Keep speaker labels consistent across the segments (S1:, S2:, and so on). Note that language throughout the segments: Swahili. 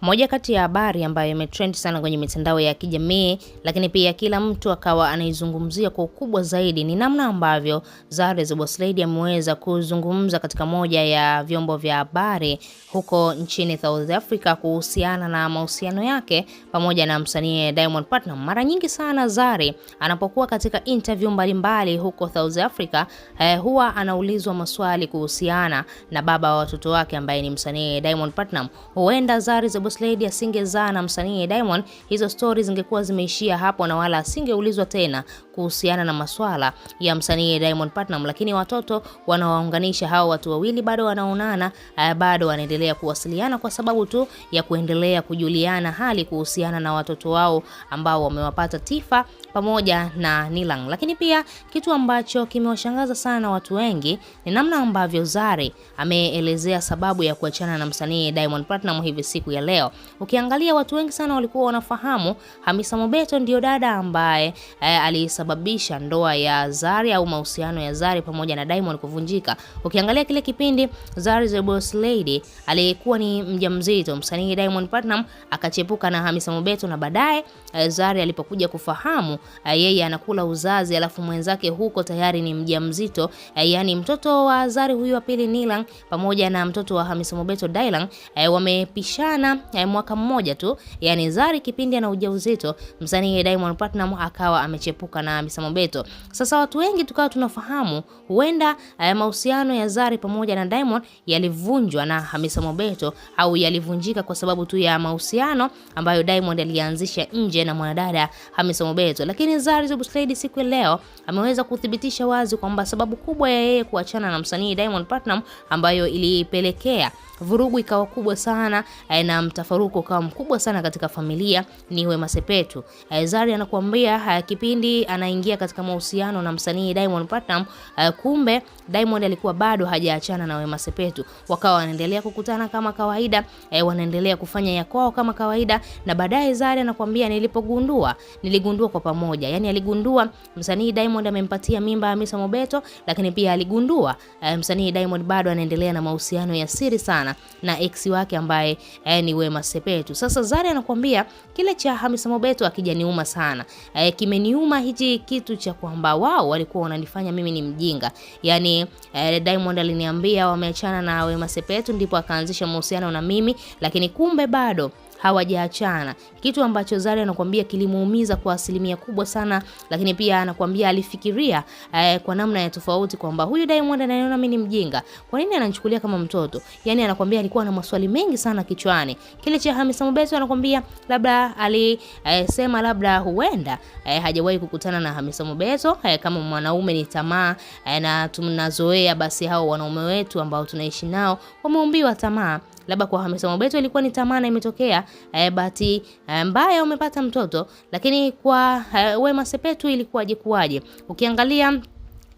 S1: Moja kati ya habari ambayo imetrend sana kwenye mitandao ya kijamii lakini pia kila mtu akawa anaizungumzia kwa ukubwa zaidi ni namna ambavyo Zari the Boss Lady ameweza kuzungumza katika moja ya vyombo vya habari huko nchini South Africa kuhusiana na mahusiano yake pamoja na msanii Diamond Platnumz. Mara nyingi sana Zari anapokuwa katika interview mbalimbali huko South Africa eh, huwa anaulizwa maswali kuhusiana na baba wa watoto wake ambaye ni msanii Diamond Platnumz. Huenda Zari Bob Slade asingezaa na msanii Diamond, hizo stori zingekuwa zimeishia hapo na wala asingeulizwa tena kuhusiana na masuala ya msanii Diamond Platnumz, lakini watoto wanaowaunganisha hao watu wawili bado wanaonana, eh, bado wanaendelea kuwasiliana kwa sababu tu ya kuendelea kujuliana hali kuhusiana na watoto wao ambao wamewapata Tifa pamoja na Nilang. Lakini pia kitu ambacho kimewashangaza sana watu wengi ni namna ambavyo Zari ameelezea sababu ya kuachana na msanii Diamond Platnumz hivi siku ya leo. Ukiangalia watu wengi sana walikuwa wanafahamu Hamisa Mobeto ndio dada ambaye eh, alisa kusababisha ndoa ya Zari au mahusiano ya Zari pamoja na Diamond kuvunjika. Ukiangalia kile kipindi Zari the Boss Lady aliyekuwa ni mjamzito, msanii Diamond Platinum akachepuka na Hamisa Mobeto, na baadaye eh, Zari alipokuja kufahamu eh, yeye anakula uzazi alafu mwenzake huko tayari ni mjamzito, eh, yani mtoto wa Zari huyu wa pili Nilang pamoja na mtoto wa Hamisa Mobeto Dailang wamepishana mwaka mmoja tu, yani Zari kipindi ana ujauzito, msanii Diamond Platinum akawa amechepuka na na Hamisa Mobeto. Sasa watu wengi tukawa tunafahamu huenda eh, mahusiano ya Zari pamoja na Diamond yalivunjwa na Hamisa Mobeto au yalivunjika kwa sababu tu ya mahusiano ambayo Diamond alianzisha nje na mwanadada Hamisa Mobeto, lakini Zari the Boss Lady siku leo ameweza kuthibitisha wazi kwamba sababu kubwa ya yeye kuachana na msanii Diamond Platinum ambayo ilipelekea vurugu ikawa kubwa sana eh, na mtafaruku ukawa mkubwa sana katika familia ni Wema Sepetu. Eh, Zari anakuambia eh, kipindi ana anaingia katika mahusiano na msanii Diamond Platnumz. Uh, kumbe Diamond alikuwa bado hajaachana na Wema Sepetu, wakawa wanaendelea kukutana kama kawaida eh, wanaendelea kufanya ya kwao kama kawaida, na baadaye Zari anakuambia nilipogundua, niligundua kwa pamoja. Yani aligundua msanii Diamond amempatia mimba Hamisa Mobeto, lakini pia aligundua eh, msanii Diamond bado anaendelea na mahusiano ya siri sana na ex wake ambaye eh, ni Wema Sepetu. Sasa Zari anakuambia kile cha Hamisa Mobeto akijaniuma sana eh, kimeniuma hichi kitu cha kwamba wao walikuwa wananifanya mimi ni mjinga. Yani eh, Diamond aliniambia wameachana na Wema Sepetu, ndipo akaanzisha mahusiano na mimi, lakini kumbe bado hawajaachana, kitu ambacho Zari anakuambia kilimuumiza kwa asilimia kubwa sana, lakini pia anakuambia alifikiria eh, kwa namna ya tofauti kwamba huyu Diamond ananiona mimi ni mjinga, kwa nini ananichukulia kama mtoto? Yani anakuambia alikuwa na maswali mengi sana kichwani. Kile cha Hamisa Mobeto anakuambia labda alisema, eh, labda huenda eh, hajawahi kukutana na Hamisa Mobeto eh, kama mwanaume ni tamaa eh, na tunazoea basi hao wanaume wetu ambao tunaishi nao wameumbiwa tamaa labda kwa Hamisa Mobeto ilikuwa ni tamana imetokea, eh, bahati eh, mbaya umepata mtoto, lakini kwa eh, Wema Sepetu ilikuwaje kuwaje ukiangalia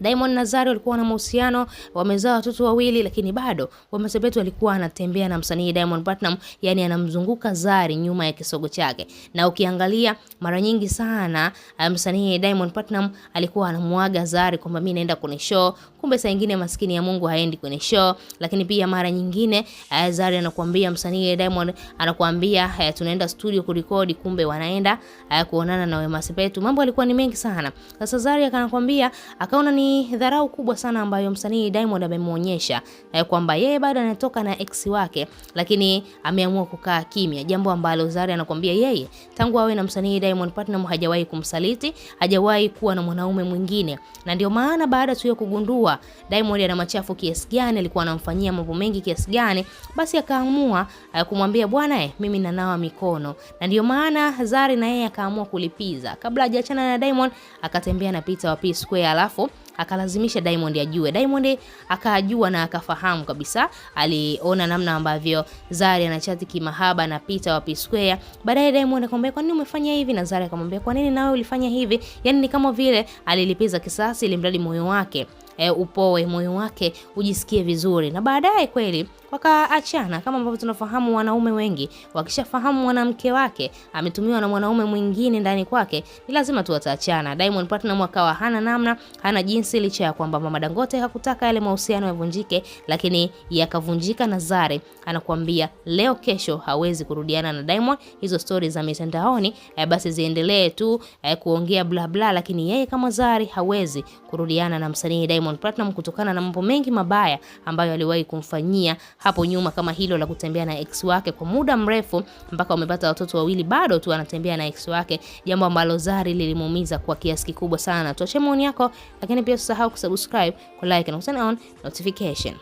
S1: Diamond na Zari walikuwa na mahusiano, wamezaa watoto wawili, lakini bado Wema Sepetu alikuwa anatembea na msanii Diamond Platinum, yani anamzunguka Zari nyuma ya kisogo chake. Na ukiangalia mara nyingi sana um, msanii Diamond Platinum alikuwa anamwaga Zari kwamba mimi naenda kwenye show, kumbe saa nyingine maskini ya Mungu haendi kwenye show. Lakini pia mara nyingine uh, Zari anakuambia msanii Diamond anakuambia tunaenda studio kurekodi, kumbe wanaenda uh, kuonana na Wema Sepetu. Mambo yalikuwa ni mengi sana. Sasa Zari akanakuambia akaona ni ni dharau kubwa sana ambayo msanii Diamond amemwonyesha eh, kwamba yeye bado anatoka na ex wake, lakini ameamua kukaa kimya, jambo ambalo Zari anakuambia yeye tangu awe na msanii Diamond Platnumz hajawahi kumsaliti, hajawahi kuwa na mwanaume mwingine, na ndio maana baada tu ya kugundua Diamond ana machafu kiasi gani, alikuwa anamfanyia mambo mengi kiasi gani, basi akaamua eh, kumwambia bwana, eh, mimi nanawa mikono, na ndio maana Zari na yeye akaamua kulipiza. Kabla hajaachana na Diamond akatembea na Peter wa P Square alafu akalazimisha Diamond ajue. Diamond akajua na akafahamu kabisa, aliona namna ambavyo Zari anachati kimahaba na Peter wa P Square. Baadaye Diamond akamwambia kwa nini umefanya hivi, na Zari akamwambia kwa nini nawe ulifanya hivi. Yani ni kama vile alilipiza kisasi, ili mradi moyo wake E, upoe moyo wake ujisikie vizuri na baadaye kweli wakaachana. Kama ambavyo tunafahamu, wanaume wengi wakishafahamu mwanamke wake ametumiwa na mwanaume mwingine ndani kwake, ni lazima tu wataachana. Diamond Platinum akawa hana namna, hana jinsi, licha ya kwamba Mama Dangote hakutaka yale mahusiano yavunjike, lakini yakavunjika. Na Zari anakuambia leo kesho hawezi kurudiana na Diamond. Hizo stori za mitandaoni eh, basi ziendelee tu eh, kuongea bla bla, lakini yeye kama Zari hawezi kurudiana na msanii Diamond Platinum kutokana na mambo mengi mabaya ambayo aliwahi kumfanyia hapo nyuma kama hilo la kutembea na ex wake kwa muda mrefu mpaka wamepata watoto wawili, bado tu anatembea na ex wake, jambo ambalo Zari lilimuumiza kwa kiasi kikubwa sana. Tuache maoni yako, lakini pia usisahau kusubscribe, ku like na on notification.